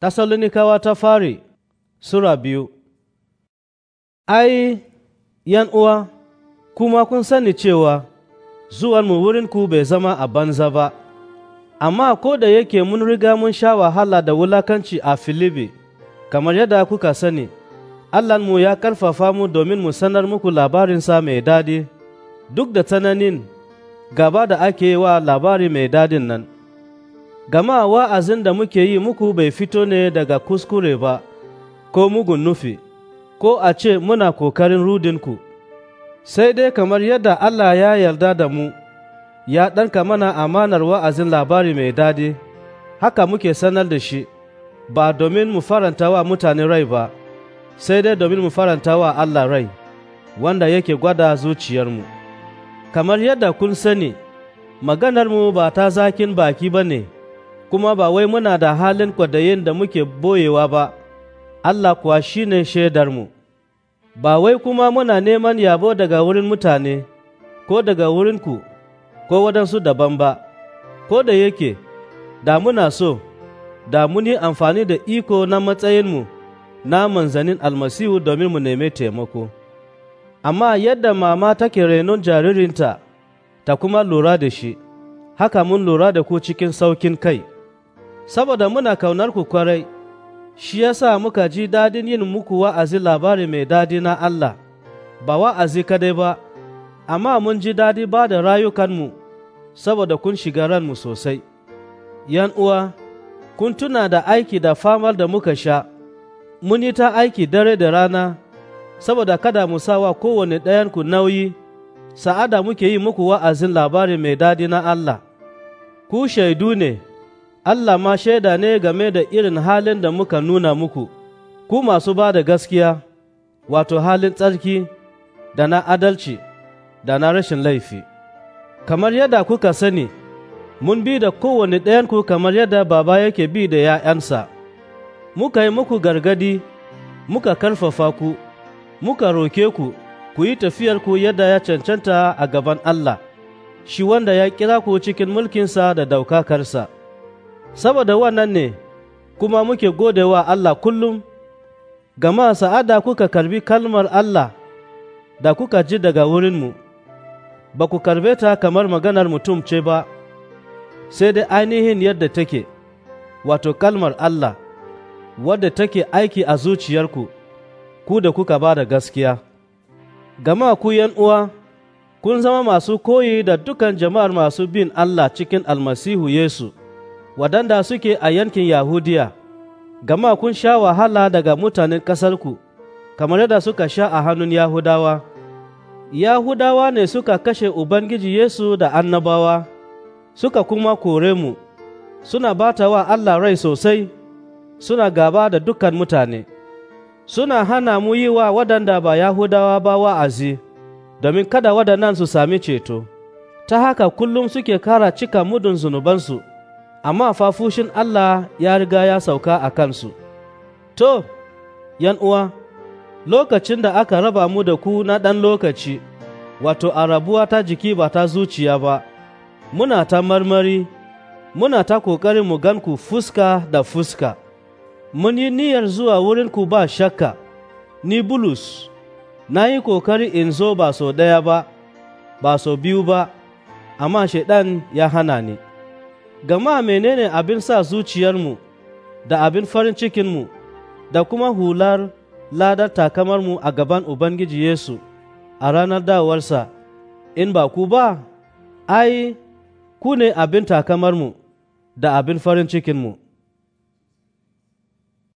Tessalonikawa ta fari Sura biyu Ai, yan uwa, kuma kun sani cewa zuwanmu wurinku bai zama a banza ba, amma ko da yake mun riga mun sha wahala da wulakanci a Filibi, kamar yadda kuka sani, Allahnmu ya karfafa mu domin mu sanar muku labarinsa mai daɗi, duk da tsananin gaba da ake yi wa labari mai daɗin nan. gama wa'azin da muke yi muku bai fito ne daga kuskure ba, ko mugun nufi, ko a ce muna kokarin rudinku, sai dai kamar yadda Allah ya yarda da mu, ya ɗanka mana amanar wa'azin labari mai daɗi, haka muke sanar da shi, ba domin mu faranta wa mutane rai ba, sai dai domin mu faranta wa Allah rai, wanda yake gwada zuciyarmu. Kamar yadda kun sani, maganarmu ba ta zakin baki ba ne. kuma ba wai muna da halin kwadayin da muke boyewa ba, Allah kuwa shi ne shaidarmu, ba wai kuma muna neman yabo daga wurin mutane, ko daga wurinku, ko waɗansu daban ba, ko da yake, da muna so, da muni amfani da iko na matsayinmu na manzanin almasihu domin mu neme taimako. Amma yadda mama take renon jaririnta ta kuma lura da shi, haka mun lura da ku cikin saukin kai. saboda muna kaunar ku kwarai, shi ya sa muka ji dadin yin muku wa'azi labari mai dadi na Allah, ba wa'azi kadai ba, amma mun ji dadi ba da rayukanmu saboda kun shiga ranmu sosai. ‘Yan uwa, kun tuna da aiki da famar da muka sha, mun yi ta aiki dare da rana, saboda kada mu sawa kowane ku nauyi, sa'ada muke yi muku wa'azin labari mai dadi na Allah. Ku shaidu ne Allah ma shaida ne game da irin halin da muka nuna muku, ku masu ba da gaskiya, wato halin tsarki da na adalci da na rashin laifi. Kamar yadda kuka sani, mun bi da kowane ɗayanku kamar yadda baba yake bi da ‘ya'yansa, muka yi muku gargadi, muka karfafa ku, muka roke ku, ku yi tafiyarku yadda ya cancanta a gaban Allah, shi wanda ya kira ku cikin mulkinsa da daukakarsa. saboda wannan ne kuma muke godewa Allah kullum, gama sa'ada kuka karbi kalmar Allah da kuka ji daga wurinmu, ba ku karbe ta kamar maganar mutum ce ba, sai dai ainihin yadda take, wato kalmar Allah, wadda take aiki a zuciyarku, ku da kuka ba da gaskiya. Gama ku uwa kun zama masu koyi da dukan jama'ar masu bin Allah cikin almasihu Yesu. waɗanda suke a yankin Yahudiya, gama kun sha wahala daga mutanen ƙasarku, kamar yadda suka sha a hannun Yahudawa. Yahudawa ne suka kashe Ubangiji Yesu da annabawa, suka kuma kore mu, suna bata wa Allah rai sosai, suna gaba da dukkan mutane, suna hana mu yi wa waɗanda ba Yahudawa ba wa'azi, domin kada waɗannan su sami ceto, ta haka kullum suke kara cika mudun zunubansu. amma fa fushin Allah ya riga ya sauka a kansu. To, yan uwa, lokacin da aka raba mu da ku na ɗan lokaci, wato a rabuwa ta jiki ba ta zuciya ba, muna ta marmari, muna ta ƙoƙarin mu gan ku fuska da fuska. Mun yi niyyar zuwa wurin ku ba shakka, ni bulus, na yi ƙoƙari in zo ba sau ɗaya ba, ba sau biyu ba, amma shaiɗan ya hana ni. gama menene abin sa zuciyarmu da abin farin cikinmu da kuma hular ladar takamarmu a gaban Ubangiji Yesu a ranar dawarsa, in ba ku ba, ai, ku ne abin takamarmu da abin farin cikinmu.